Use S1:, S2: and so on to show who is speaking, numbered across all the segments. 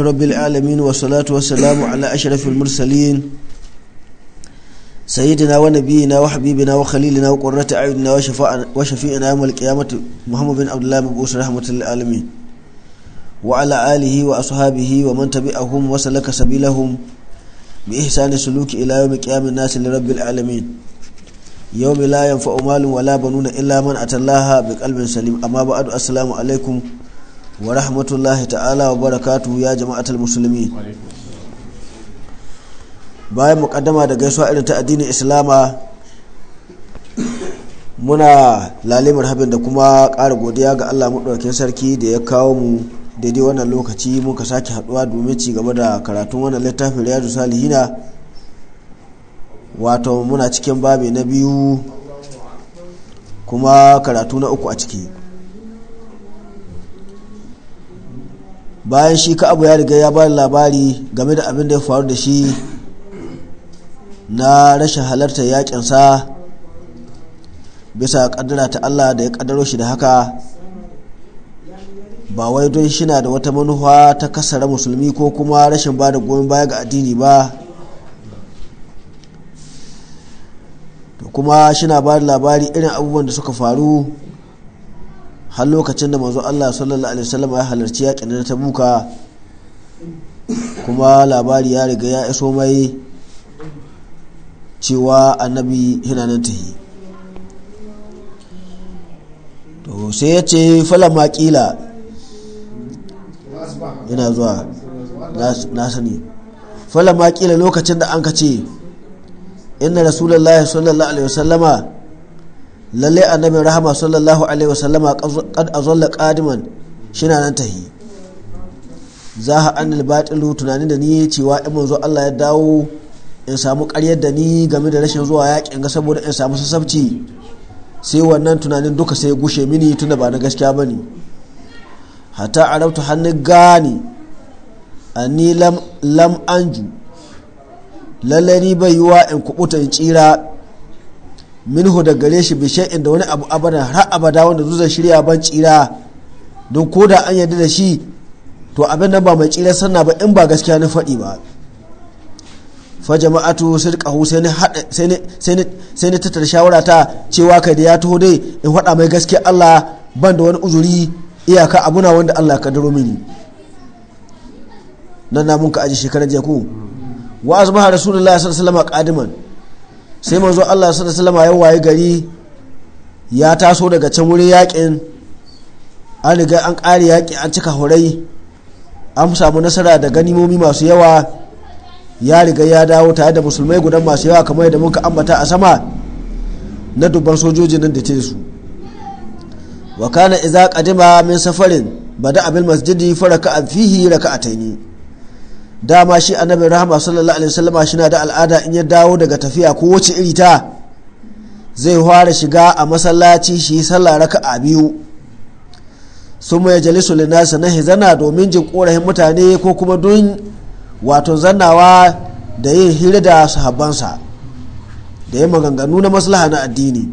S1: رب العالمين والصلاة والسلام على أشرف المرسلين سيدنا ونبينا وحبيبنا وخليلنا وقرة أعيننا وشفيئنا يوم القيامة محمد بن عبد الله مبعوث رحمة للعالمين وعلى آله وأصحابه ومن تبعهم وسلك سبيلهم بإحسان السلوك إلى يوم قيام الناس لرب العالمين يوم لا ينفع مال ولا بنون إلا من أتى الله بقلب سليم أما بعد السلام عليكم wa rahmatullahi ta'ala wa barakatu ya jama'atul musulmi bayan mukaddama da gaisuwa irin ta addinin islama muna lalimar habin da kuma ƙara godiya ga allah maɗaukin sarki da ya kawo mu daidai wannan lokaci muka sake haɗuwa domin ci gaba da karatun wannan littafin riyadu salihina wato muna cikin babi na biyu kuma karatu na uku a ciki bayan shi ka abu ya riga ya bada labari game da abin da ya faru da shi na rashin halartar yakinsa bisa kaddara ta Allah da ya kaddaro shi da haka ba wai don shi na da wata manufa ta kasara musulmi ko kuma rashin bada da goyon baya ga addini ba to kuma shi na bada labari irin abubuwan da suka faru har lokacin da manzo Allah sallallahu alaihi wasallam ya halarci yakin na ta buka kuma labari ya riga ya iso mai cewa annabi yana nan tahi to sai ya ce falama kila yana zuwa na sani falama kila lokacin da an ka ce inna rasulullahi sallallahu alaihi wasallama lalle annabin rahama sallallahu alaihi wasallama kad azalla qadiman shina nan tahi za ha annal batilu tunanin da ni cewa in manzo Allah ya dawo in samu ƙaryar da ni game da rashin zuwa yakin ga saboda in samu sassabci sai wannan tunanin duka sai gushe mini tunda ba na gaskiya bane hatta arabtu hannu gani anni lam lam anju lalle ni bai yiwa in kubuta in tsira minhu da gare shi bi shay'in da wani abu abada har abada wanda zuzan shirya ban tsira don ko da an yarda da shi to abin nan ba mai tsira sanna ba in ba gaskiya na faɗi ba fa jama'atu sirqahu sai ni sai ni sai ni tattara shawara ta cewa kai da ya taho dai in faɗa mai gaskiya Allah ban da wani uzuri iyaka abuna wanda Allah ka daro mini nan na mun ka aji shekarar jeku wa asbaha rasulullahi sallallahu alaihi wasallam qadiman sai manzo Allah sallallahu alaihi wasallam ya waye gari ya taso daga can wurin yakin an riga an ƙare yaki an cika horai an samu nasara da ganimomi masu yawa ya riga ya dawo tare da musulmai gudan masu yawa kamar yadda muka ambata a sama na dubban sojoji nan da ce su wakana kana kadima qadima min safarin bada abil masjidi faraka fihi raka'ataini dama shi annabi rahama sallallahu alaihi wasallama shi na da al'ada in ya dawo daga tafiya ko wace iri ta zai fara shiga a masallaci shi sallah raka'a biyu sun ya jalisu linasa na zana domin jin korahin mutane ko kuma don wato zannawa da yin hira da sahabbansa da yin maganganu na maslaha na addini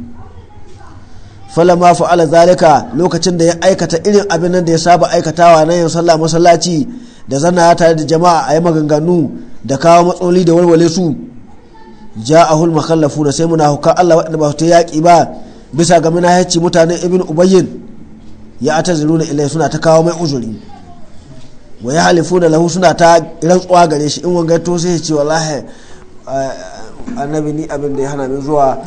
S1: falama fa'ala zalika lokacin da ya aikata irin abin nan da ya saba aikatawa na yin sallah masallaci da zanna tare da jama'a a yi maganganu da kawo matsaloli da walwale su ja a makallafu na sai muna munafukan Allah waɗanda ba su ta yaƙi ba bisa ga munahici mutanen ibn ubayyin ya nuna ilai suna ta kawo mai uzuri wa ya da lahu suna ta rantsuwa gare shi in wanga to sai ce wallahi eh, annabi ni abin da ya hana min zuwa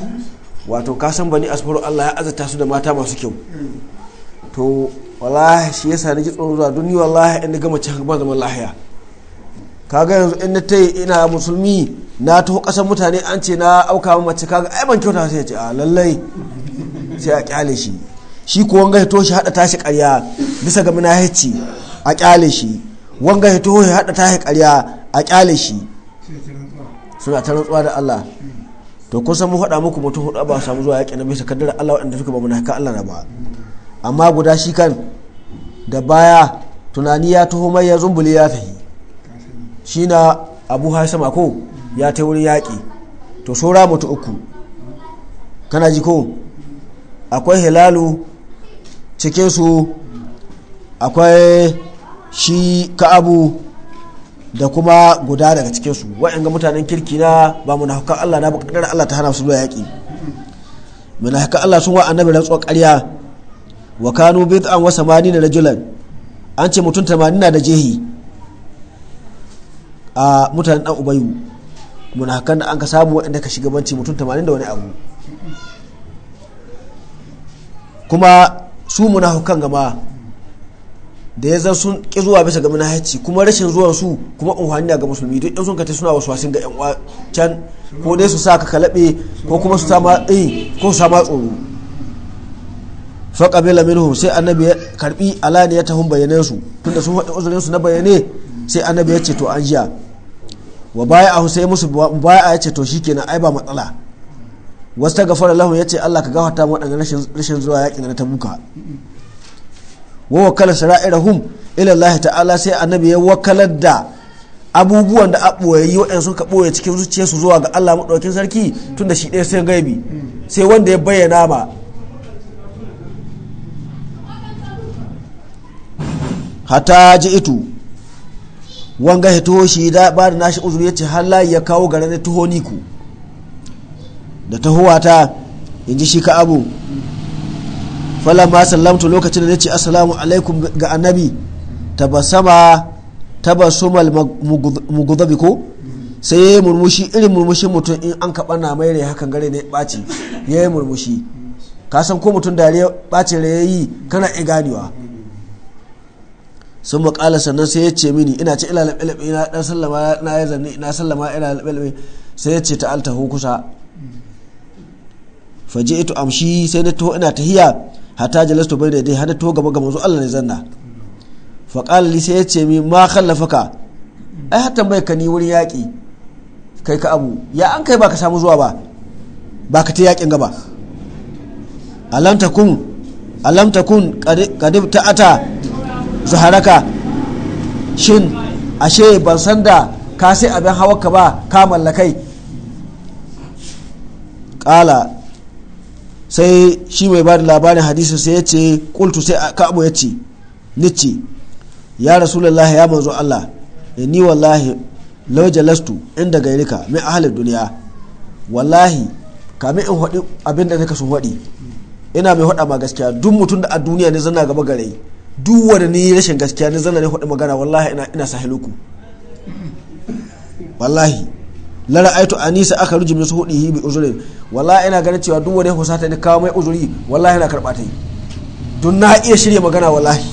S1: wato kasan bani asfaru Allah ya azata su da mata masu kyau to wallahi shi yasa nake tsoron zuwa duniya wallahi inda gama cin ba zaman lahiya kaga yanzu in na yi ina musulmi na taho kasan mutane an ce na auka min mace kaga ai ban kyauta sai ya ce a ah, lallai sai a kyale shi shi ko wanga ya toshi hada tashi karya bisa ga munahici a kyale shi wanga ya toshi hada tashi karya a kyale shi suna ta rantsuwa da Allah to kusan mu faɗa muku mutum hudu ba samu zuwa yaƙi na bisa kaddara Allah waɗanda suka ba ka Allah na ba amma guda shi kan da baya tunani ya taho mai ya zumbule ya tafi shi na abu haisa mako ya ta wurin yaƙi to saura mutu uku kana ji ko akwai hilalu cikinsu akwai shi ka'abu da kuma guda daga cikinsu ga mutanen kirki na ba mu na Allah na bukatar Allah ta hana su zuwa yaƙi mu na Allah sun wa annabi rantsuwar ƙarya wa kanu bid'an wa samanina rajulan an ce mutum tamanina na da jehi a mutanen dan ubayu munafikan da an ka samu waɗanda ka banci mutum tamanin da wani abu kuma su munafikan gama da ya zan sun ƙi zuwa bisa ga munafici kuma rashin zuwan su kuma unhani ga musulmi duk in sun kace suna wasu wasin ga yan can ko dai su sa ka kalabe ko kuma su sama eh ko su sama tsoro faƙabila minhu minhum sai annabi ya karbi alaniyatahum su tunda sun faɗi uzurin su na bayane sai annabi ya ce to an jiya wa baya a sai musu a ya ce to shikenan ai ba matsala wasu ta gafara lahun ya ce Allah ka gafarta mu daga rashin zuwa yakin na muka wa wakala sara'irahum ila Allah ta'ala sai annabi ya wakalar da abubuwan da aboyayi waɗanda sun ka cikin zuciyarsu zuwa ga Allah maɗaukin sarki tunda shi ɗaya sai gaibi sai wanda ya bayyana ma hata ji itu wanga ya tuho shi da ba da nashi uzuri ya ce halayi ya kawo garin da tuho niku da tahowa ta in ji shi ka abu falamma sallamtu lokacin da ya ce asalamu alaikum ga annabi tabassama tabasumal mugudabi ko sai ya yi murmushi irin murmushin mutum in an kaɓa na mai rai hakan gare ne ɓaci ya yi murmushi ka san ko mutum da yi ɓaci rai ya yi kana iya ganewa sun makala sannan sai ya ce mini ina ce ila laɓe na dan sallama na ya zanni ina sallama ina laɓe sai ya ce ta'al taho kusa faje ito amshi sai na taho ina tahiya hatta jalastu bai da dai hada taho gaba gaba zo Allah ne zanna fa qala li sai ya ce mi ma khallafaka ai hatta bai ka ni wurin yaƙi kai ka abu ya an kai baka samu zuwa ba baka ta yaƙin gaba alam takun alam takun qadib ta'ata zaharaka shin ashe ban san da ka sai abin hawa ka ba ka mallakai kala sai shi mai bada labarin hadisin sai ya ce kultu sai ka abu ya ce nici ya rasulullah ya manzo Allah eh, ni wallahi law jalastu inda gairika mai ahalin duniya wallahi kame in haɗi abin da nake sun haɗi ina mai haɗa ma gaskiya duk mutum da a duniya ne zana gaba gare duk wanda ni rashin gaskiya ni zanna ne hudu magana wallahi ina ina sahiluku wallahi la ra'aitu anisa aka ruji min suhudihi bi uzuri wallahi ina ganin cewa duk wanda ya husata ni kawo mai uzuri wallahi ina karba ta yi don na iya shirya magana wallahi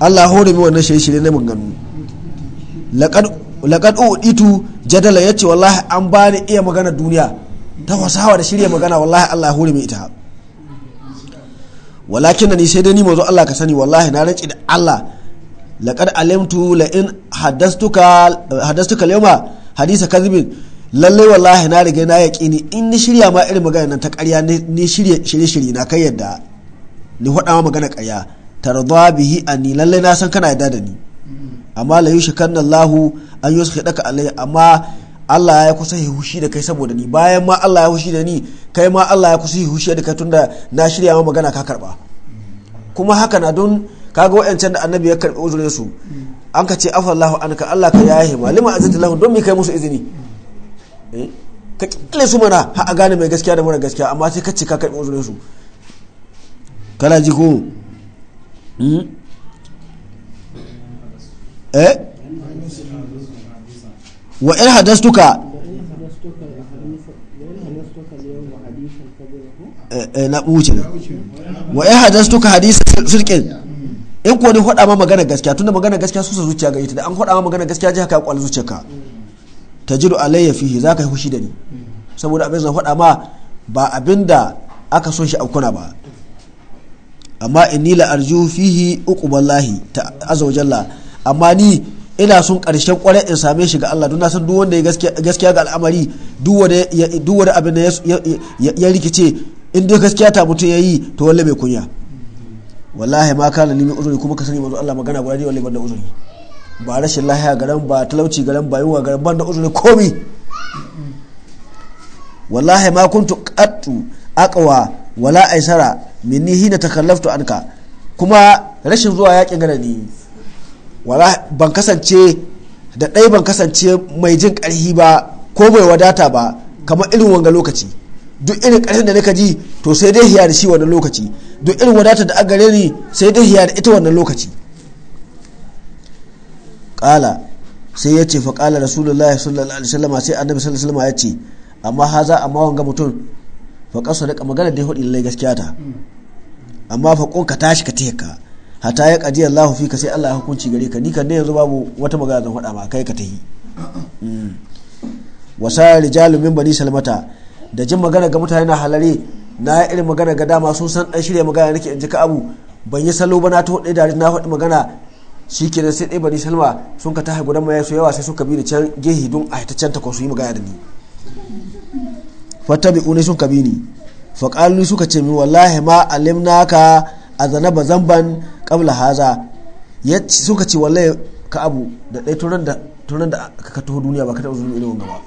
S1: Allah hore mi wannan shirye shirye na maganu. laqad laqad uditu jadala yace wallahi an bani iya magana duniya ta fasaha da shirya magana wallahi Allah hore mi ita walakin ni sai dai ni mazo Allah ka sani wallahi na rantsi da Allah laqad alimtu la in haddastuka hadastuka yawma hadisa kadhibin lalle wallahi na riga na yaqini in ni shirya ma irin magana nan ta ƙarya ni shirye shirye shirye na kai yadda ni faɗa ma magana ƙarya tarda bihi anni lalle na san kana yadda da ni amma la yushikanna Allahu an yushidaka alayya amma Allah ya kusa yi hushi da kai saboda ni bayan ma Allah ya hushi da ni kai ma Allah ya kusa yi hushi da kai tunda na shirya ma magana ka karba kuma haka na don kaga wayancan da annabi ya karbi uzurin su an ka ce afallahu anka Allah ka yaye ma lima azza lahu don me kai musu izini eh, ka kille su mana ha a gane mai gaskiya da mara gaskiya amma sai ka ce ka karbi uzurin su kana ji ko hmm? eh wa in hadastuka eh, eh, na buce wa in hadastuka hadisa sirkin in ko ni faɗa ma magana gaskiya tunda magana gaskiya su zuciya ga ita da an faɗa ma magana gaskiya ji haka kwal zuciyarka tajidu alayya fihi zaka yi hushi da ni saboda abin zan faɗa ma ba abin da aka son shi aukuna ba amma inni la arju fihi uqballahi ta azza amma ni ina son ƙarshen ƙwarai in same shi ga Allah don na san duk wanda ya gaskiya ga al'amari duk wanda abin da ya rikice in dai gaskiya ta mutum ya yi to wallahi mai kunya wallahi ma kana ni mai uzuri kuma ka sani manzo Allah magana guda ne walle ban da uzuri ba rashin lahiya garan ba talauci garan ba yunwa garan banda da uzuri komi wallahi ma kuntu qattu aqwa wala aisara minni hina takallaftu anka kuma rashin zuwa yakin gana ni wala ban kasance da ɗai ban kasance mai jin ƙarfi ba ko mai wadata ba kamar irin wanga lokaci duk irin ƙarfin da nika ji to sai dai hiya da shi wannan lokaci duk irin wadata da gare ni sai dai hiya da ita wannan lokaci ƙala sai ya ce faƙala rasulullahi sallallahu alaihi wasallam sai annabi sallallahu alaihi wasallam ya ce amma haza amma wanga mutum faƙar da magana dai hudu lallai gaskiya ta amma faƙon ka tashi ka teka hata ya kadi Allahu fika sai Allah ya hukunci gare ka ni kan dai yanzu babu wata magana zan faɗa ma kai ka tahi mm. wasa rijalu min bani salmata da jin magana ga mutane na halare na irin magana ga dama sun san dan shirya magana nake in ji ka abu ban yi salo ba na ta da dare na faɗi magana shi kenan sai ɗaya bani salma sun ka tahi gudan su yawa sai suka bi da can gehi don a ta can ta su yi magana da ni fata bi sun ka bi ni faƙalu suka ce min wallahi ma ka a zanaba zamban qabla haza ya suka ce wallai ka abu da ɗai turan da turan da ka taho duniya ba ka taɓa zuwa ilimin gaba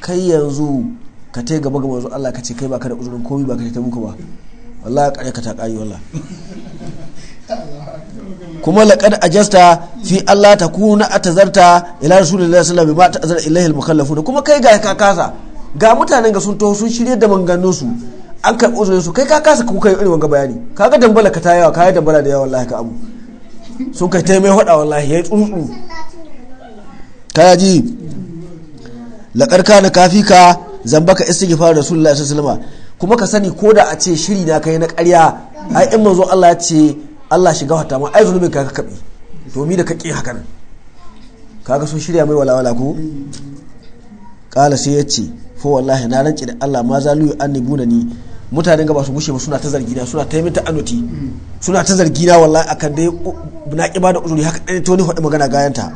S1: kai yanzu ka yi gaba gaba yanzu Allah ka ce kai ba ka da uzurin komai ba ka ta muku ba wallahi ƙarya ka ta ƙari wallahi kuma laƙar ajasta fi Allah ta ta zarta ila da sallallahu alaihi wasallam bima ta'azara ilaihi al da kuma kai ga ka kasa ga mutanen ga sun taho sun shirye da mangannin su an karɓi uzurin su kai ka kasa kuka irin wanga bayani kaga dambala ka ta yawa kaya dambala da yawa wallahi ka abu sun kai ta mai hada wallahi yayi tsuntsu kaya ji ka zamba kafika zambaka istighfar rasulullahi sallallahu alaihi wasallam kuma ka sani ko da a ce shiri na kai na ƙarya ai in manzo Allah ya ce Allah shiga hata ma ai zunubin ka ka kabe to mi da ka ƙi hakan kaga sun shirya mai walawala ko kala sai ya ce fa wallahi na rance da Allah ma zalu annibuna ni mutanen gaba su gushe suna ta zargina suna ta yi minta anoti suna ta zargina wallahi kan dai na kima da uzuri haka dai to ni faɗi magana gayanta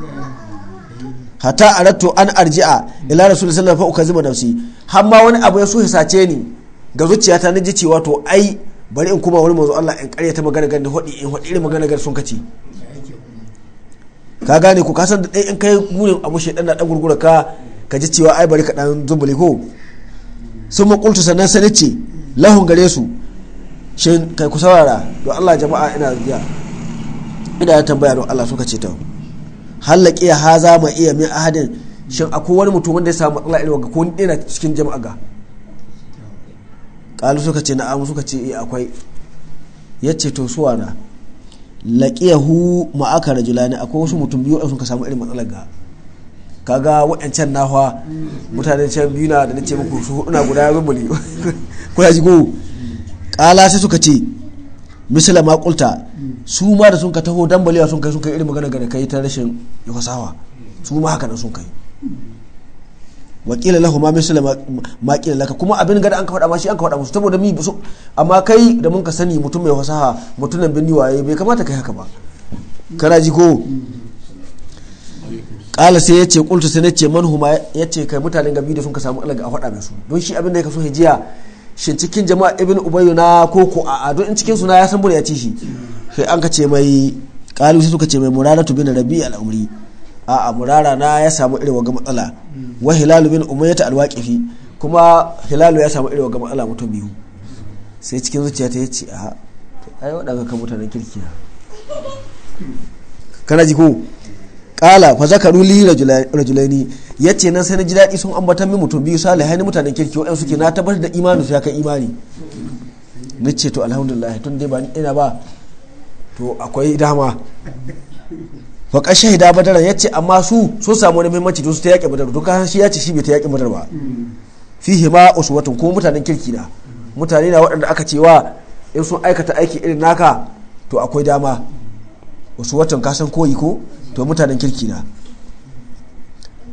S1: a ratto an arji'a ila da sallallahu alaihi wasallam fa nafsi har ma wani abu ya so sace ni ga zuciya na ji cewa to ai bari in kuma wani mazu Allah in ta magana gan da in hodi irin magana gan sun kace ka gane ku kasan da ɗai in kai munin abu ɗan na ɗan gurgura ka ka ji cewa ai bari ka ɗan zumbuli ko sun makultu sannan sanice ce lahun gare su shin kai ku saurara don Allah jama'a ina ya ina tambaya don Allah suka ce ta hallaki ya haza ma iya min ahadin shin akwai wani mutum wanda ya samu matsala irin ga ko ni cikin jama'a ga kalu suka ce na'am suka ce eh akwai yace to na laqiyahu ma'aka rajulani akwai wasu mutum biyu da suka samu irin matsalar ga kaga waɗancan nahwa mutanen can biyu na da nace muku su hudu na guda ya kuna jigo kala sai suka ce misala ma kulta su ma da sun ka taho dambalewa sun kai sun kai irin magana ga kai ta rashin yasawa su ma haka nan sun kai wakila lahu ma misala ma kila laka kuma abin gada an ka faɗa ma shi an ka faɗa musu saboda mi su amma kai da mun ka sani mutum mai fasaha mutumin binni niwaye bai kamata kai haka ba kana ji kala sai ya ce kultu sai na ce manhuma ya ce kai mutanen gabi da sun ka samu alaga a faɗa mai su don shi abin da ya kaso hijiya shi cikin jama'a ibn ubayyu na koko a don in cikin suna ya san bura ya ci shi sai an ka ce mai kalu sai suka ce mai muraratu bin rabi al'umri a a murara na ya samu irin waga matsala wa hilalu bin umayyata alwaqifi kuma hilalu ya samu irin waga matsala mutum biyu sai cikin zuciya ta yace a ai wadanga ka mutanen kirkiya kana ji ko kala fa zakaru li rajulaini yace nan sai na ji daɗi sun ambatan min mutum biyu salihai ni mutanen kirki wa'an suke na tabbatar da imanin su ya kai imani na ce to alhamdulillah tun dai ba ina ba to akwai dama fa kashe hida badara yace amma su sun samu wani muhimmanci to su ta yaƙi badar duka shi ya ce shi bai ta yaƙi badar ba fihi ma uswatun ko mutanen kirki na mutane na waɗanda aka cewa in sun aikata aiki irin naka to akwai dama uswatun ka san koyi ko to mutanen kirki na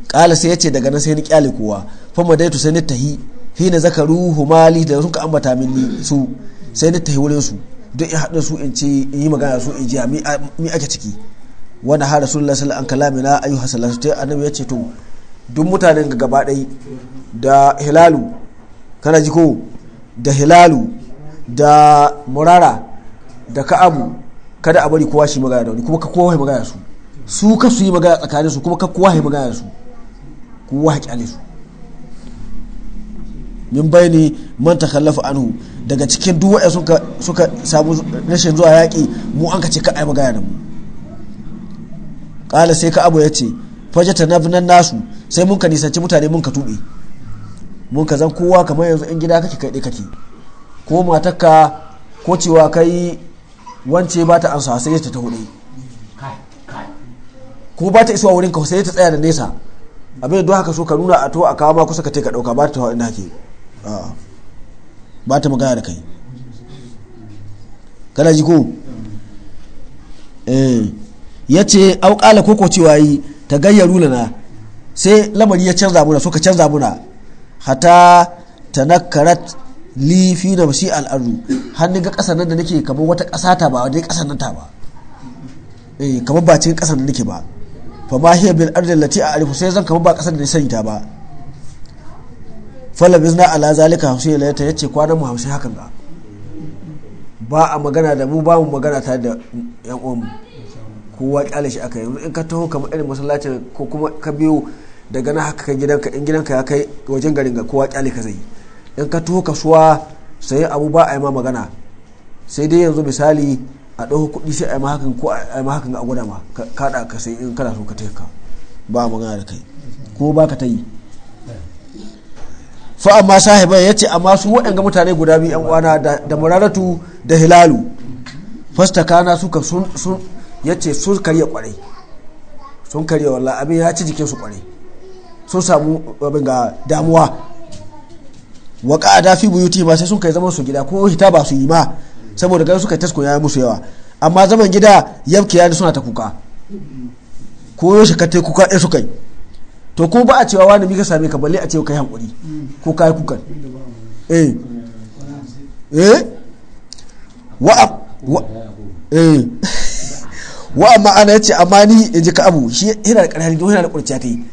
S1: kala sai ya ce daga nan sai ni kyale kowa fa dai daitu sai ni tahi hi na zakaru humali da suka ambata minni su sai ni tahi wurin su duk in haɗa su in ce in yi magana su in jiya mi ake ciki wani har rasulullahi sallallahu an wasallam kalamina ayyuha sallallahu ta annabi ya ce to duk mutanen ga gaba ɗai da hilalu kana ji ko da hilalu da murara da ka'abu kada a bari kowa shi magana da wani kuma ka kowa magana su su ka su yi magana tsakanin su kuma ka kowa yi magana da su kowa kyale su min bayani man kallafa anu daga cikin duk wa'ya suka suka samu rashin zuwa yaƙi mu an ka ce ka magana da mu kala sai ka abu ya ce fajata na nan nasu sai mun ka nisanci mutane mun ka tuɓe mun ka zan kowa kamar yanzu in gida kake kai kake ko matarka ko cewa kai wance ba ta ansa sai ta ta huɗu. ko ba ta isuwa ka sai ta tsaya da nesa abin da haka so ka nuna a to a kawo ma kusa ka te ka dauka ba ta hawa inda hake ba ta magana da kai kana ji ko eh. ya ce kala koko cewa yi ta gayyaru lana sai lamari ya canza muna ka canza muna hata ta nakarat lifi da mashi al'adu hannun ga kasar nan da nake kamar wata ƙasa ta ba wadda kasar nan ta ba eh, kamar bacin kasar da nake ba fa ma hiya bil ardi allati a'rifu sai zan kama ba kasar da ni sani ta ba falabizna ala zalika hamsin layata yace kwanan mu hamsin hakan ga ba a magana da mu ba mu magana ta da yan uwanmu kowa kyale shi aka yi in ka taho kamar irin masallaci ko kuma ka biyo daga na haka kan gidanka in gidanka ya kai wajen garin ga kowa kyale ka zai in ka taho kasuwa sai abu ba a yi ma magana sai dai yanzu misali a ɗau kuɗi sai a yi mahakan ko a yi mahakan a gwada ma kaɗa ka sai in kana so ka ka ba magana da kai ko ba ka ta yi fa amma sahiba ya ce amma su waɗanga mutane guda biyu yan uwana da muraratu da hilalu fasta kana suka sun sun ya ce sun karya kwarai sun karya wallah abin ya ci jikinsu kwarai sun samu abin ga damuwa wa ka'ada fi buyuti ba sai sun kai zaman su gida ko hita ba su yi ma saboda gan suka tasko ya musu yawa amma zaman gida yabke ya suna ta kuka ko yaushe ka tai kuka ɗaya suka yi to ko ba a cewa wani mika same ka balle a ce yi hankuri ko kai kukan eh eh wa eh wa amma ana yace amani in ji ka abu shi yana da ƙarfin yana da ƙurciya ta yi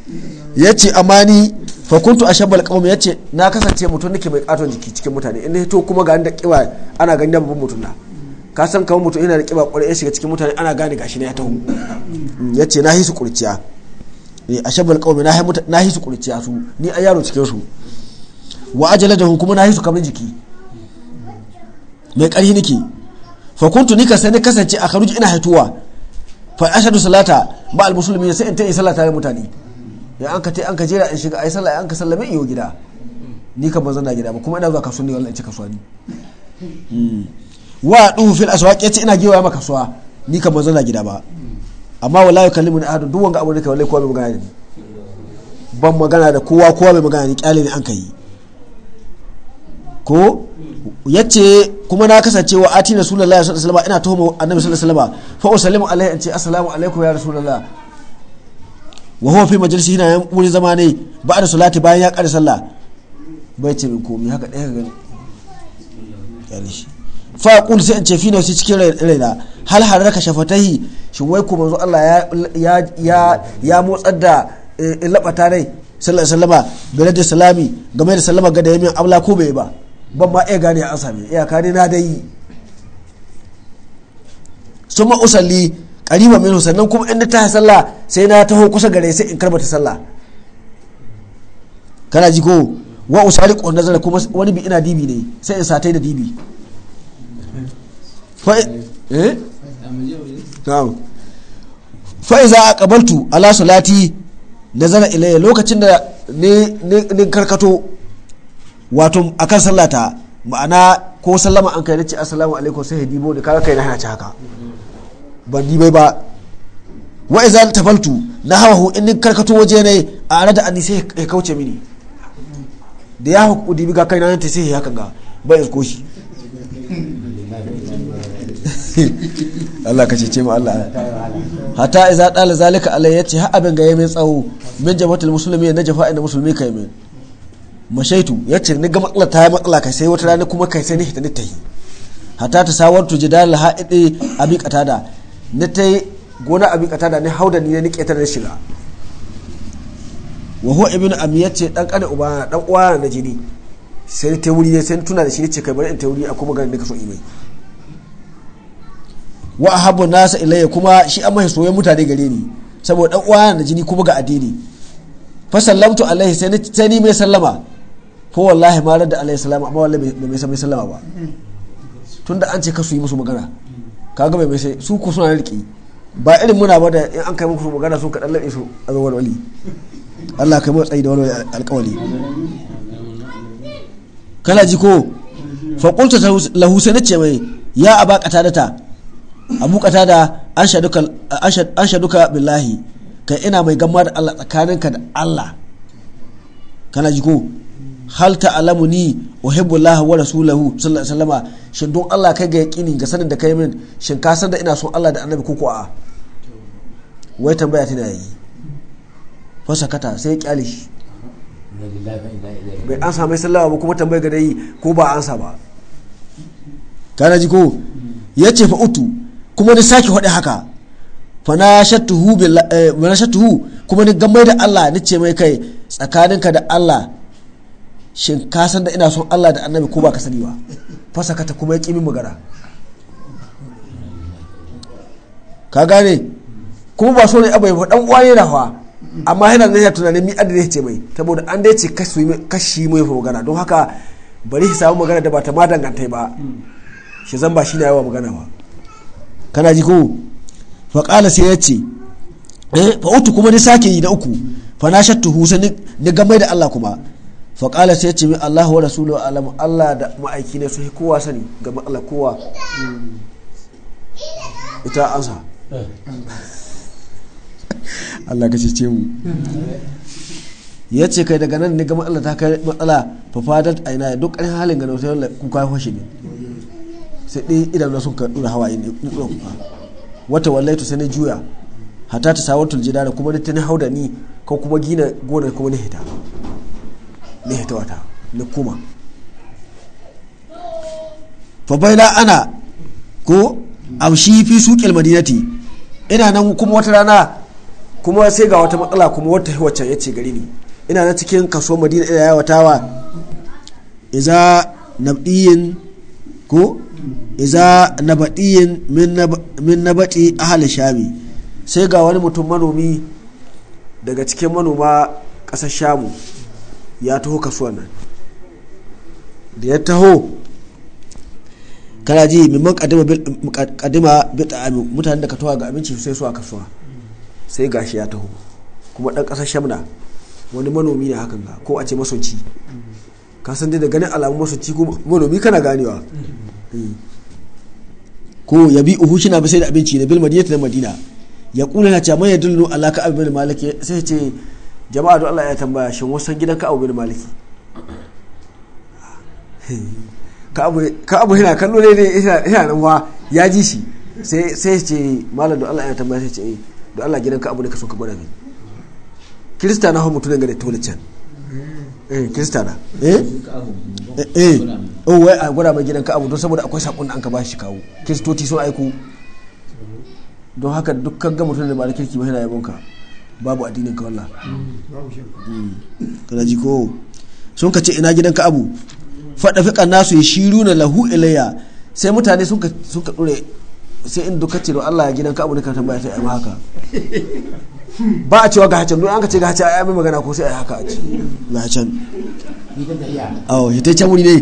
S1: yace amani a shabbal ashabba ya ce na kasance mutum nake mai katon jiki cikin mutane in to kuma ga da kiba ana ganin da mutum na ka san kamar mutum yana da kiba kwarai ya shiga cikin mutane ana gane gashi ne ya taho ce na hisu kurciya eh, a shabbal na na hisu kurciya su ni a yaro cikin su wa da kuma na hisu kamar jiki mai karhi nake fakuntu ni ka sai ni kasance a karuji ina haituwa fa ashadu salata ba al musulmi sai in ta yi salata ga mutane da an ka an ka jera in shiga ai sallah an ka sallame iyo gida ni ka ban zanna gida ba kuma ina zuwa kasuwa ne wallahi ci kasuwa ni hmm. wa duhu fil aswaq yace ina gewaya maka kasuwa ni ka ban zanna gida ba amma wallahi yukallimuni ahad duk wanga abun da wallahi kowa bai magana ni ban magana da kowa kowa bai magana ni kyale ne an ka yi ko yace kuma na kasance wa ati rasulullahi sallallahu alaihi wasallam ina tuhuma annabi sallallahu alaihi wasallam fa usallimu alaihi an ce assalamu alaikum ya rasulullah wa huwa fi majalisi yana yan wuri zama ne ba da salati bayan ya kare sallah bai ce min komai haka ɗaya ga yana shi fa qul sai an ce fi na nafsi cikin raina hal haraka shafatahi shin wai ko manzo Allah ya ya ya motsar da eh, labata rai sallallahu alaihi wasallama bi da salami game da sallama ga da yamin abla ko bai ba ban ma iya gane an same iya kare na dai suma usalli mai so sannan kuma inda ta sallah sai na taho kusa gare sai in karbata sallah kana ji ko wa usari ko nazar kuma wani bi ina dibi ne sai in satai da dibi fa eh na'am fa iza aqbaltu ala salati nazara ilayya lokacin da ni karkato wato akan sallata ma'ana ko sallama an kai ce assalamu alaikum sai hadibo da kaga kai na hana ci haka ban ni bai ba wa iza tafaltu na hawahu in ni karkato waje ne a ara da sai ya kauce mini da ya hukku dibi ga kai nan ta sai ya hakan ba ya koshi Allah ka cece mu Allah hatta iza dal zalika Allah yace ha abin ga yayin tsawo min jama'atul muslimi na jafa da musulmi kai min mashaitu yace ni ga matsala ta matsala kai sai wata rana kuma kai sai ni hita ni yi hatta ta sawartu jidal ha'idi abi qatada na ta yi gona abin kata da ni hau da ni ne ni ketare na shiga wa huwa ibnu amiyat ce dan kada uba dan uwa na jini sai ta wuri ne sai tuna da shi ce kai bari in ta wuri a kuma ganin da kaso imai wa ahabbu nasa ilayya kuma shi an mai soyayya mutane gare ni saboda dan uwa na jini kuma ga addini fa sallamtu alaihi sai sai ni mai sallama ko wallahi ma radda alaihi salam amma wallahi bai mai sallama ba tunda an ce kaso yi musu magana kaga mai mai sai su ku suna riƙe ba irin muna ba da in an kai muku magana su kaɗan laɗe su a zuwa walwali Allah kai matsayi da wani alƙawali kana ji ko faƙulta lahu sai ce mai ya aba ta abu da an shaduka billahi kai ina mai gamma da Allah tsakaninka da Allah kana ji ko hal ta'lamu ni uhibbu laha wa rasulahu sallallahu alaihi wasallama shin don Allah kai ga yakini ga sanin da kai min shin ka san da ina son Allah da annabi ko ko a wai tambaya tana yi fa sakata sai kyale shi bai ansa mai sallawa ba kuma tambaya ga dai ko ba ansa ba kana ji ko yace fa utu kuma ni saki faɗi haka fa na shattuhu eh, kuma ni gambai da Allah ni ce mai kai tsakaninka da Allah shin ka san da ina son Allah da annabi ko ba ka sani ba fasakata kuma ya min magana ka gane kuma ba so ne abai ba dan uwa ne da fa amma yana da ya tunanin mi adda ce mai saboda an dace kashi mai kashi mai fa magana don haka bari shi samu magana da ba ta ma danganta ba shi zan ba shi da yawa magana ba kana ji ko fa qala sai ya ce eh fa utu kuma ni sake yi na uku fa na shattu husa ni gamai da Allah kuma faƙala sai ce min allahu wa rasulu alamu allah da ma'aiki ne su kowa sani ga matsala kowa hmm. ita ansa allah ka ce mu ya ce kai daga nan ne ga matsala ta kai matsala fafadat aina duk ƙarin halin ga nautar kuka fashe ne sai ɗin idan na sun ka ɗura hawaye ne ɗura kuka wata wallai to sai na juya hata ta sawar tuljida da kuma ta ni hau da ni ko kuma gina gonar kuma na hita na wata na kuma ana ko amshi fi suqil madinati ina nan kuma wata rana kuma sai ga wata matsala kuma wata wacce ce gari ne ina nan cikin kaso madina ina yawatawa iza nabdiyin ko iza nabadiyin min nabati ahal shami sai ga wani mutum manomi daga cikin manoma ƙasar shamu ya taho kasuwan nan da ya taho kana ji mimman kadima bita mutanen da ka tawa ga abinci sai su a kasuwa sai gashi ya taho kuma dan kasar shamna wani manomi ne hakan ga ko a ce masoci ka san dai da ganin alamun masoci ko manomi kana ganewa hmm. ko ya bi uhu shina na sai da abinci da bil madinati na madina ya kula na ce man yadullu alaka abin malaki sai ce jama'a don Allah ya tambaya shin wasan gidan ka'abu bin maliki ka'abu yana kallo ne yana nan wa ya ji shi sai sai ce malam don Allah ya tambaya sai ce eh, don Allah gidan ka abu ne ka so ka gwada min kirista na hau mutunan gane tole can eh kirista na eh? eh eh oh wai a gwada mai gidan ka abu don saboda akwai sakon da an ka ba shi kawo kiristoci sun aiku don haka dukkan ga mutunan da ba da kirki ba yana yabon ka babu addinin ka wallah hmm, hmm. kana ji ko sun ka ce ina gidan ka abu faɗa fiƙa nasu ya shiru na lahu ilayya sai mutane sun ka ɗure sai in duka ce Allah ya gidan ka abu ne ka tambaya ta yi haka ba a cewa ga hacan don an ka ce ga hacan ai mai magana ko sai ai haka a ci ga hacan awo hita can ne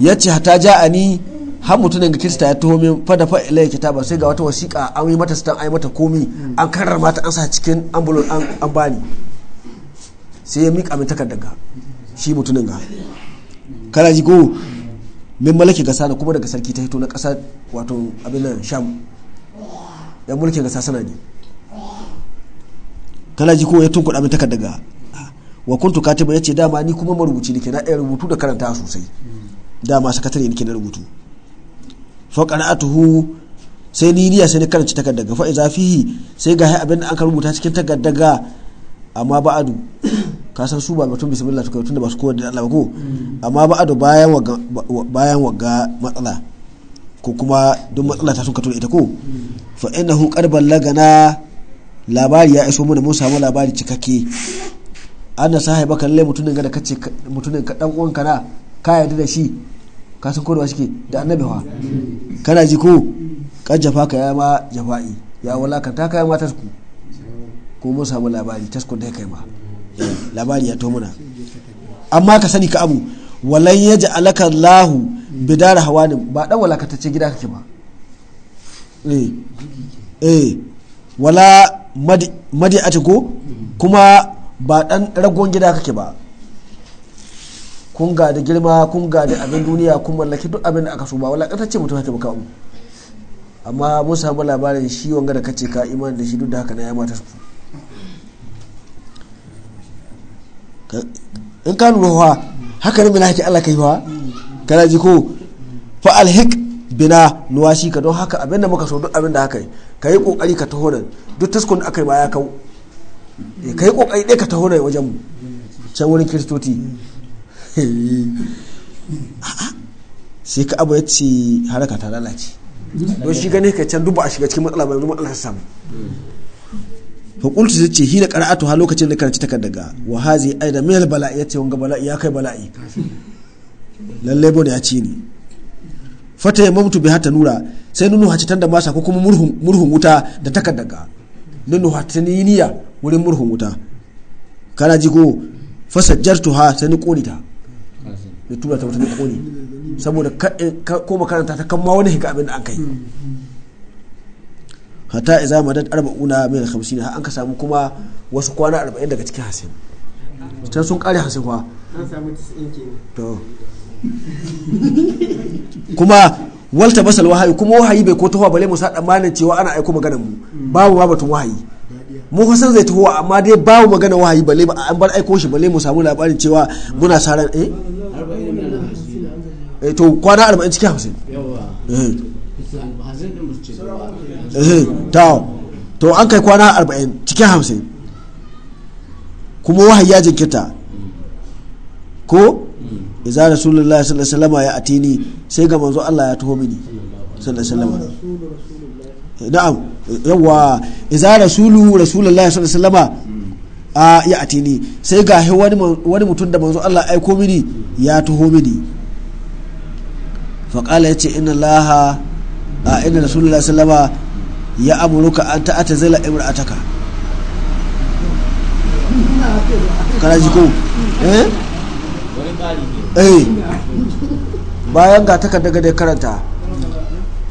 S1: ya ce hata ja'ani har mutumin ga kirista ya taho min fada fa ilai kitaba sai ga wata wasiƙa an yi mata stan an yi mata komi an karrama ta an sa cikin ambulon an bani sai ya miƙa min takardar ga shi mutumin ga kana ji ko min malaki gasa na kuma daga sarki ta hito na ƙasa wato abin nan sham yan mulkin gasa sana ne kana ji ko ya tunkuɗa min takardar ga wa kuntu katiba yace dama ni kuma marubuci ke na ɗaya rubutu da karanta sosai dama sakatare ke na rubutu fa sai ni sai ni karanta takardaga fa iza fihi sai ga abin da aka rubuta cikin takardaga amma ba'adu ka san su ba batun bismillah suka tunda ba su kowa da Allah ko amma ba'adu bayan waga bayan waga matsala ko kuma duk matsala ta sun ka tura ita ko fa innahu qad ballagana labari ya iso mana mun samu labari cikakke an sahiba kan lai mutumin da kace mutumin ka dan uwan kana ka yarda da shi ka san kodawa shike da annabi wa. kana ji ko kan jafa ka ya ma jafa'i ya walakanta ka ya ma tasku ko mun samu labari tasku dai kai ma labari ya to muna amma ka sani ka abu walan ya ji alaka lahu bidara hawanin ba dan walakantacce gida kake ba eh eh wala madi ko kuma ba dan ragon gida kake ba kun ga da girma kun ga da abin duniya kun mallaki duk abin da aka so ba wala ce mutum haka baka mu amma mun samu labarin shi wanga da kace ka imani da shi duk da haka na ya mata su in ka lura wa haka ne mina hake Allah kai wa kana ji ko fa alhik bina nuwashi ka don haka abin da muka so duk abin da haka ka yi kokari ka taho nan duk tuskun da aka yi ba ya kau eh, ka yi kokari dai ka taho nan wajen mu can wurin kiristoti sai ka abu ya ce haraka ta lalace don shi gane ka can duba a shiga cikin matsala ba yanzu matsala ta samu hukunci zai ce hina qara'atu ha lokacin da karanci takar daga wa hazi aida min al bala'i yace wanga bala'i ya kai bala'i lalle bone ya ci ni fata ya mamtu bi hata nura sai nunu hace tanda masa ko kuma murhun wuta da takar daga nunu hace ni niya wurin murhun wuta kana ji ko fasajjartu ha sai ni koni ta ya tura ta wata ne kone saboda eh, ko makaranta ta kama wani hika abin da an kai hata iza madad arba'una una al-50 an ka samu kuma wasu kwana arba'in daga cikin hasin can sun kare hasin kuwa to kuma walta basal wahayi kuma wahayi bai ko tafa bale mu sa tsammanin cewa ana aiko maganar mu babu ma batun wahayi mu fasar zai tahowa amma dai babu magana wahayi bale an bar aiko shi bale mu samu labarin cewa muna sa ran eh Eh, to kwana arba'in cikin hamsin eh. eh, to an kai kwana arba'in cikin hamsin kuma wahayi ya jinkirta ko mm. iza rasulullah sallallahu alaihi ya atini sai ga manzo Allah ya taho mini sallallahu alaihi na'am yawa iza rasulu rasulullah sallallahu alaihi mm. a ya atini sai ga wani mutum da manzo Allah ya aiko mini ya taho mini faƙala ya ce ina laha a da sunan lasalama ya amuruka an ta'ata ta imra'ataka kana a taka eh eh bayan ga daga dai karanta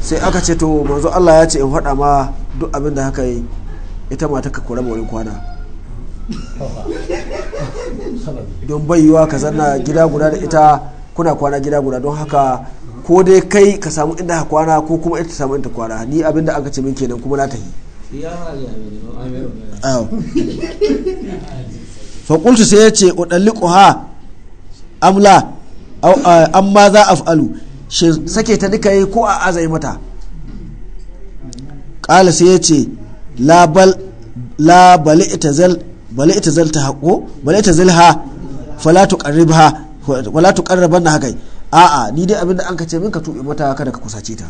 S1: sai aka ce to manzo Allah ya ce in faɗa ma duk abin da haka yi ita mata ka kura wurin kwana don bayuwa ka zanna gida guda da ita kuna kwana gida guda don haka ko dai kai ka samu inda ka kwana ko kuma ita samu inda kwana ni abinda aka ce min kenan kuma na tafi fakultu sai ya ce udallikuha amla amma za a fa'alu shi sake ta duka yi ko a azai mata ƙala sai ya ce la bali ita itazal ta haƙo bal itazal ha falatu ƙarrib ha falatu hakai a'a ni dai abinda an ka ce min ka tuɓe mata kada ka kusace ta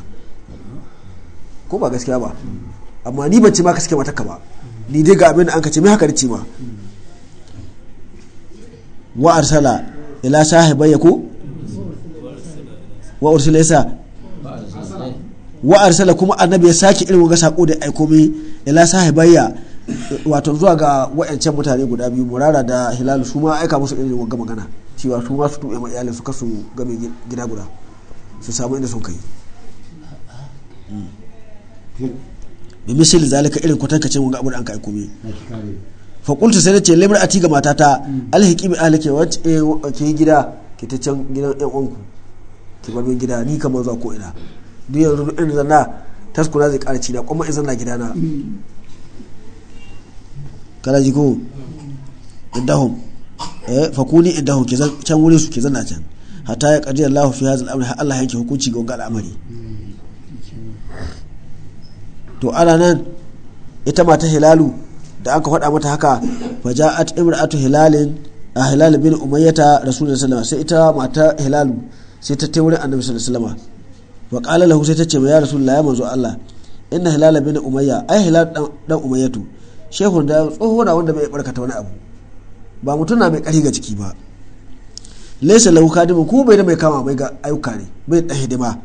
S1: ko ba gaskiya ba amma ni ban ce ma ka sake ka ba ni dai ga abinda an ka ce min haka ce ma wa arsala ila sahibai ko wa arsala yasa wa arsala kuma annabi ya sake irin ga sako da aiko mai ila sahibayya wato zuwa ga wayancan mutane guda biyu murara da hilalu su ma aika musu irin wanga magana cewa su ma su tuɓe ma iyalin su kasu game gida guda su samu inda sun kai hmm. bi misali zalika irin kwatankacin wanga abu da an kai kome qultu sai nace lamar ati ga matata hmm. alhiki bi alike wace eh, ke gida ke ta can gidan yan uwanku ke bar min gida ni kamar zuwa ko ina duk yanzu duk irin zanna taskuna zai karaci cina kuma in zanna na hmm. kana jiko ko indahum Eh, fa kuni iddahu ke can wurin su ke zanna can hata ya qadiya Allahu fi hadha al-amr Allah yake hukunci ga wannan al'amari to ana nan ita mata hilalu da aka faɗa mata haka fa ja'at imra'atu hilalin a hilal bin umayyata rasulullahi sallallahu sai ita mata hilalu sai ta tayar annabi sallallahu alaihi wa qala lahu sai ta ce ya rasulullahi ya manzo Allah inna hilal bin umayya ai hilal dan umayyatu shehu da tsohona wanda bai barkata wani abu ba mutum na mai ƙari ga jiki ba laisa lahu kadimu ko bai da mai kama mai ga ayyuka ne bai da hidima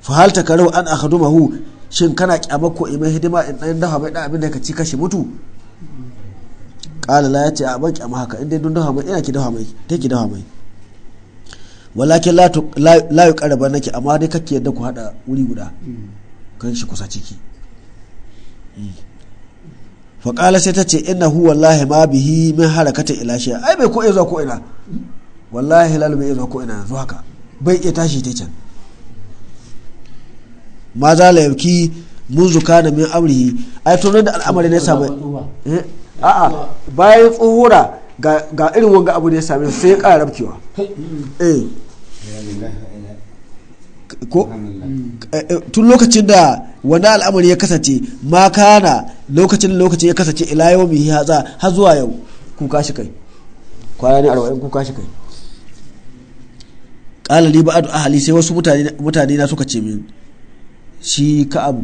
S1: fa hal takarau an akhadumahu shin kana kyamar ko imai hidima in dan dafa bai da abin da ka ci kashi mutu qala la yace a ban kyama haka in dai dun dafa mai ina ki dafa mai take ki dafa mai walakin la la yuqarraba naki amma dai kake yadda ku hada wuri guda kan shi kusa ciki hmm. faƙala sai ta ce ina hu wallahi ma bihi min harakata ila shi ai bai ko iya zuwa ko ina wallahi hilal bai iya zuwa ko ina yanzu haka bai iya tashi ta can ma za la yauki mun zuka da min amrihi ai tun da al'amari ne samu eh, a'a bayan tsohora ga irin wanga abu ne ya same sai ya ƙara rabkewa eh ko eh, eh, tun lokacin da wani al'amari ya kasance ma kana lokacin lokacin ya kasance ila yau bihi hatsa har zuwa yau kuka shi kai kwana ne arba'in kuka shi kai ba a ba'adu ahali sai wasu mutane na suka ce min shi ka'ab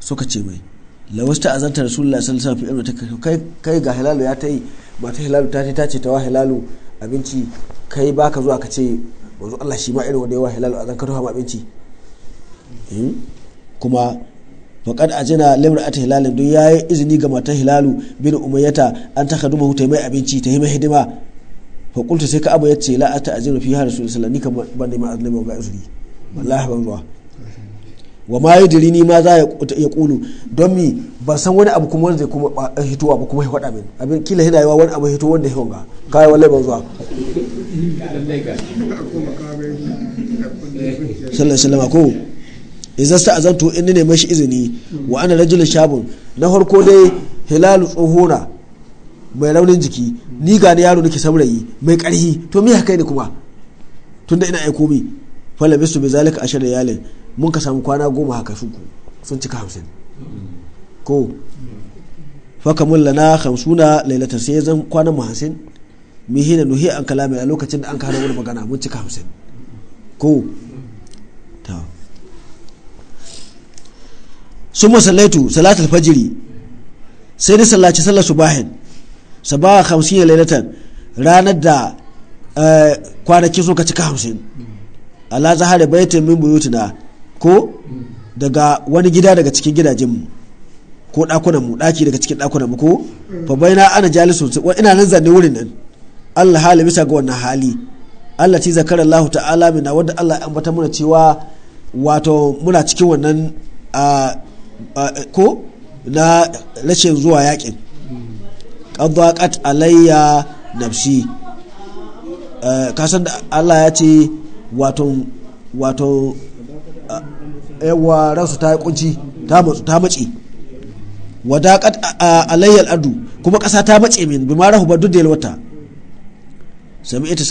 S1: suka ce mai lawas ta azanta rasulullah sallallahu alaihi wasallam fi ta kai kai ga hilalu ya ta yi mata hilalu ta ta ce ta wa hilalu abinci kai baka zuwa ka ce wanzu Allah shi ma irin wanda ya wa hilalu azan ka abinci hmm? kuma faqad ajina limra'ati hilal duk yayi izini ga matan hilalu bin umayyata an ta khaduma ta mai abinci ta yi mai hidima fa qultu sai ka abu yace la ata ajinu fiha rasulullahi sallallahu alaihi wasallam ban da ma azlima ga izini wallahi ban ruwa wa ma yadri ni ma za ya kulu don mi ban san wani abu kuma zai kuma hito abu kuma ya faɗa min abin kila yana yawa wani abu hito wanda ya wanga kai wallahi ban zuwa sallallahu alaihi wasallam ko idan sa azantu in ne mashi izini wa ana rajul shabun na farko dai hilalu tsohona mai raunin jiki ni gani yaro nake samurai mai karhi to me haka ne kuma tunda ina aiko mi fala bisu bi zalika ashar yalin mun ka samu kwana goma haka su sun cika hamsin ko faka na lana hamsuna lailatar sai zan kwana mu hamsin mi hina nuhi an kalami a lokacin da an kano wani magana mun cika hamsin ko sun musallaitu salatul fajiri sai da sallaci sallar subahin sabaha hamsin ya lailatan ranar da eh, kwanaki suka cika hamsin ala zahari baitin min buyutuna ko daga wani gida daga cikin gidajenmu ko mu ɗaki daga cikin mu ko fa baina ana jalisun ina nan zanne wurin nan Allah hali bisa ga wannan hali Allah ci zakar Allah ta'ala mina wanda Allah ya ambata muna cewa wato muna cikin wannan ah, ko na rashin zuwa yakin qadaqat alayya nafsi eh, kasan da Allah ya ce wato wato eh, yawa ransu ta yi kunci ta mace wadaƙat eh, alayyar adu kuma ƙasa ta mace min bi ma rahu duk da yalwata sami ita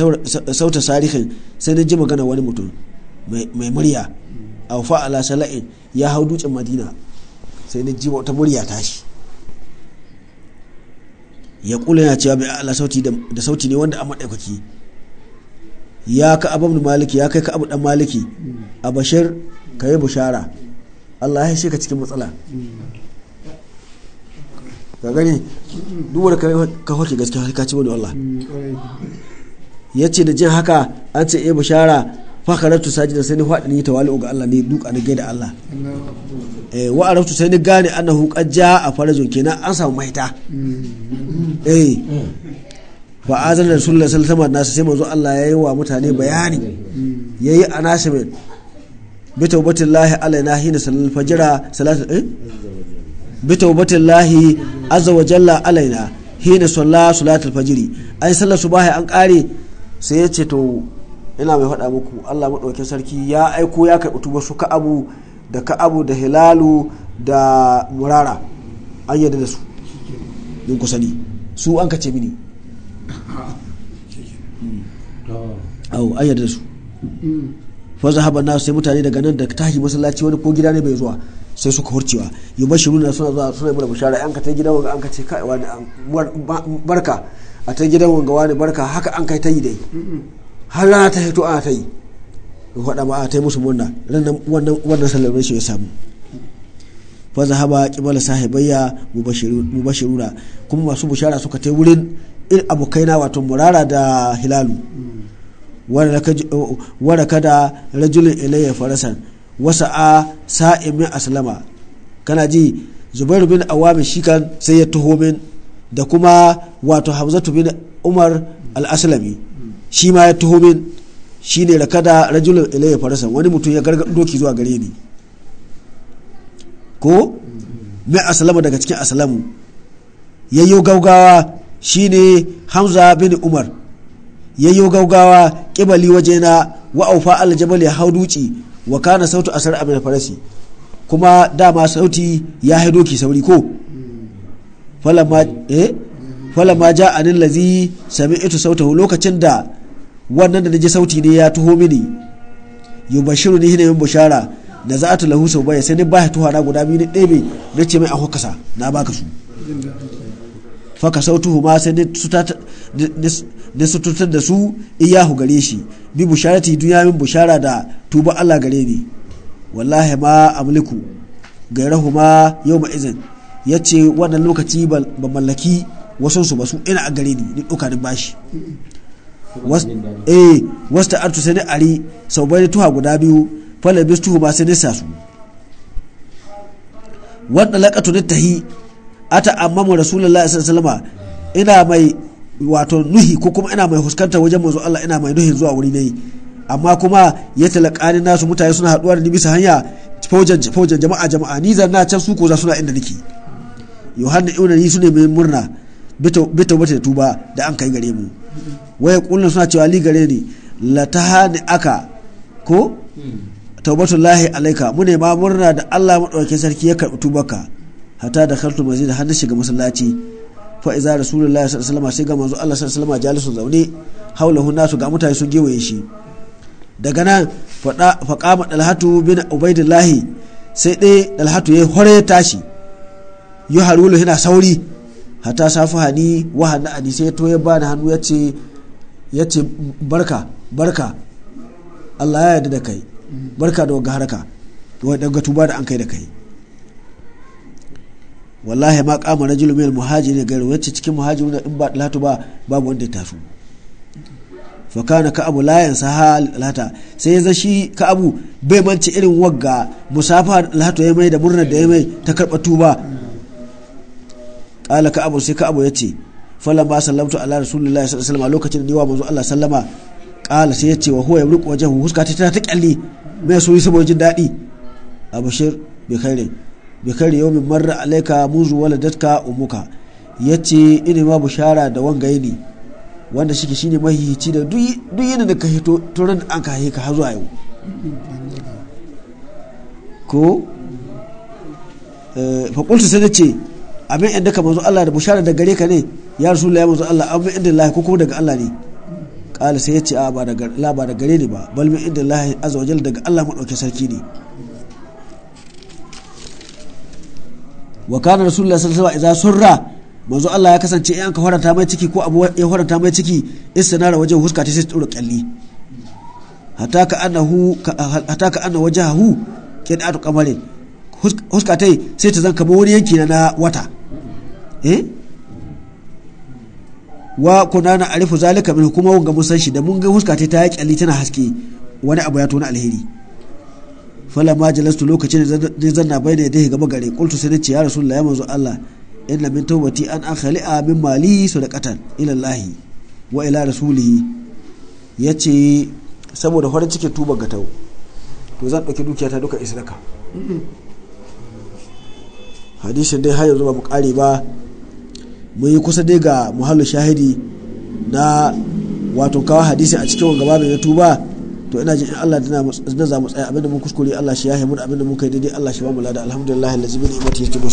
S1: sauta sarihin sai na ji magana wani mutum mai murya a ala sala'in ya hau dutsen madina sai ni ji wata murya tashi ya kula yana cewa bai ala sauti da sauti ne wanda amma maɗaukaki ya ka abu maliki ya kai ka abu dan maliki a bashir ka yi bushara Allah ya ka cikin matsala ka gani duk wanda ka hoke gaskiya ka ci wani Allah
S2: mm,
S1: ya ce da jin haka an ce eh bushara fakaratu sajida sai ni faɗi ni tawali'u ga Allah ne duka na gaida Allah eh wa arabtu sai ni gane annahu qad jaa farajun kenan an samu maita eh fa azan rasulullahi sallallahu alaihi wasallam sai manzo Allah yayi wa mutane bayani yayi announcement bi tawbatillahi alaina hina salal fajira salatu eh bi tawbatillahi azza wa jalla alaina hina salla salatul fajiri ai sallar subahi an kare sai ya ce to ina mai faɗa muku Allah maɗaukin sarki ya aiko ya karɓi tuba su ka'abu da ka'abu da hilalu da murara an yarda da su yin ku sani su an kace mini
S2: hmm.
S1: au an yarda da su fa haɓa na sai mutane daga nan da tahi masallaci wani ko gida ne bai zuwa sai suka hurcewa yi bashiru na suna zuwa suna yi mana bishara an ka ta gidan wanga an ka ce kai wani barka a ta gidan wanga wani barka haka an kai ta yi dai hmm, hmm. har rana ta fito a ta yi faɗa ma a ta yi musu murna wannan shi ya samu fa haba qibala sahibayya mubashiruna kuma masu bushara suka tai wurin in abokaina wato murara da hilalu wadda kada rajulun ilayya farasan wasa a sa'imin aslama kana ji zubairu bin awami shi kan sai ya taho da kuma wato hamzatu bin umar al-aslami shi ma ya taho min shi ne rakada rajulun ilayya farasan wani mutum ya gargaɗo doki zuwa gare ni ko mai asalamu daga cikin asalamu yayyo gaugawa shi ne hamza bin umar yayyo gaugawa kibali wajena wa'aufa aljabal ya hau duci wa kana sautu asar abin farasi kuma dama sauti ya haido ki sauri ko falama eh? ja anil lazi sami sautahu lokacin da wannan da naji sauti ne ya tuho mini ya ni hina yin bushara da za ta lahu sau baya sai ni baya tuhana guda biyu ni ɗebe na ce mai a hukasa na baka su faka sautuhu ma sai ni sututar da su iyahu gare shi bi bisharati duniya min bushara da tuba Allah gare ni wallahi ma amliku gairahu ma yau ma izin ya ce wannan lokaci ba mallaki su ba su ina a gare ni ni ɗauka ni bashi eh wasta artu sai na ari sau bai tuha guda biyu fala bis tuhu ma sai nisa su wadda na tahi ata mu rasulun sallallahu alaihi ina mai wato nuhi ko kuma ina mai huskanta wajen mazu Allah ina mai nuhin zuwa wuri ne amma kuma ya talakani nasu mutane suna haduwa da ni bisa hanya fojan jama'a jama'a ni na can su ko za suna inda nake yohanna ibn ni su ne mai murna bito bata tuba da an kai gare mu waya kullun suna cewa li gare ni la tahani aka ko taubatullahi alaika mu ne ma murna da Allah madaukakin sarki ya karɓi tubarka hatta da khaltu mazid har da shiga masallaci fa iza rasulullahi sallallahu alaihi wasallam sai ga Allah sallallahu alaihi wasallam jalisu zaune haulahu nasu ga mutane sun gewaye shi daga nan fa qama dalhatu bin ubaidillahi sai dai dalhatu ya hore tashi yuharulu hina sauri hata safi hani wa hannu sai to ya bani hannu ya ce ya ce barka barka Allah ya yarda da kai barka da wagga haraka wadda tuba da an kai da kai wallahi ma kama rajulun min muhajiri ga wacce cikin muhajirin in ba latu ba babu wanda ya taso fa kana ka abu layan saha lata sai ya shi ka abu bai mance irin wagga musafa latu ya mai da murnar da ya mai ta karɓa tuba kala ka abu sai ka abu yace falan ba sallamtu ala rasulillahi sallallahu alaihi wasallam lokacin da yawa manzo Allah sallama kala sai ya ce wa huwa yabruqu wajhu huska ta ta kalli mai soyi saboda jin dadi abushir bi khairin bi khairi yawmin marra alayka muzu waladatka umuka yace ina ma bushara da wangaye ne wanda shike shine mahihici da duk yinin da ka hito turan an ka haika har zuwa yau ko eh, fa qultu sai ce abin inda ka manzo Allah da bushara da gare ka ne ya ya manzo Allah abin inda Allah ko kuma daga Allah ne kala sai ce a ba daga la ba da gare ni ba bal min inda Allah azza wajal daga Allah madauke sarki ne wa kana rasulullahi sallallahu alaihi wasallam idza surra manzo Allah ya kasance in ka horanta mai ciki ko abu ya horanta mai ciki da wajen huska ta sai tsoro kalli hatta ka annahu hatta ka anna wajahu kin atu kamarin huska tai sai ta zanka kamar wani yanki na wata Eh? wa kuna na arifu zalika min kuma wanga musan shi da mun ga huska ta yaki alli tana haske wani abu ya tona alheri fala ma jalastu lokacin da zanna bai da dai gaba gare qultu sai nace ya rasulullahi ya manzo Allah inna min tawbati an akhli'a min mali sadaqatan ila Allah wa ila rasulih yace saboda farin ciki tuba ga tau to zan dauki dukiyata duka israka hadisi dai har yanzu ba mu kare ba mun yi kusa dai ga muhallu shahidi na wato kawo hadisi a cikin gaba bai na tuba to ina jin Allah da za mu tsaya abinda mun kuskure Allah shi yahe mun abinda mun kai daidai Allah shi ba mu lada alhamdulillah allazi bi ni'mati yatimu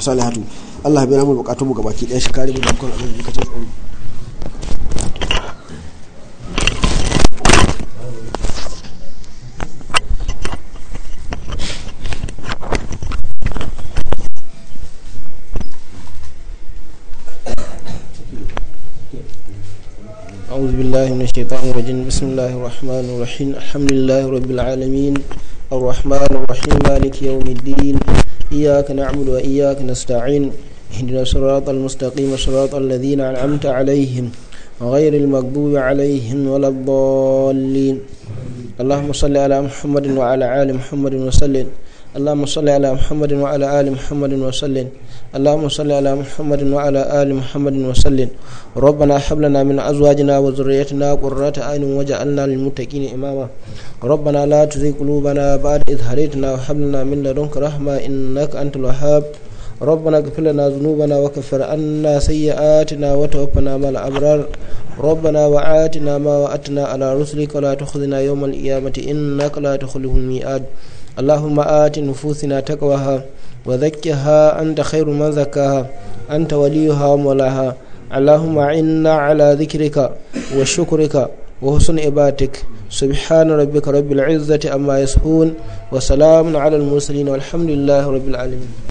S1: salihatu Allah bai na mu bukatun mu gabaki daya shi kare mu da kan abin da kace
S2: أعوذ بالله من الشيطان الرجيم بسم الله الرحمن الرحيم الحمد لله رب العالمين الرحمن الرحيم مالك يوم الدين إياك نعبد وإياك نستعين اهدنا الصراط المستقيم صراط الذين أنعمت عليهم غير المغضوب عليهم ولا الضالين اللهم صل على محمد وعلى آل محمد وسلم اللهم صل على محمد وعلى آل محمد وسلم اللهم صل على محمد وعلى ال محمد وسلم ربنا هب لنا من ازواجنا وذريتنا قرة أعين واجعلنا للمتقين اماما ربنا لا تزغ قلوبنا بعد إذ هديتنا وهب لنا من لدنك رحمة انك انت الوهاب ربنا اغفر لنا ذنوبنا وكفر عنا سيئاتنا وتوفنا مع الابرار ربنا وآتنا ما وعدتنا على رسلك ولا تخزنا يوم القيامه انك لا تخلف الميعاد اللهم آت نفوسنا تقواها wa ha anta khairu man zakkaha anta waliyuha wa mawlaha allahumma inna ala dhikrika wa shukrika wa husni ibadatik subhana rabbika rabbil izzati amma yasifun wa salamun ala al mursalin walhamdulillahi rabbil alamin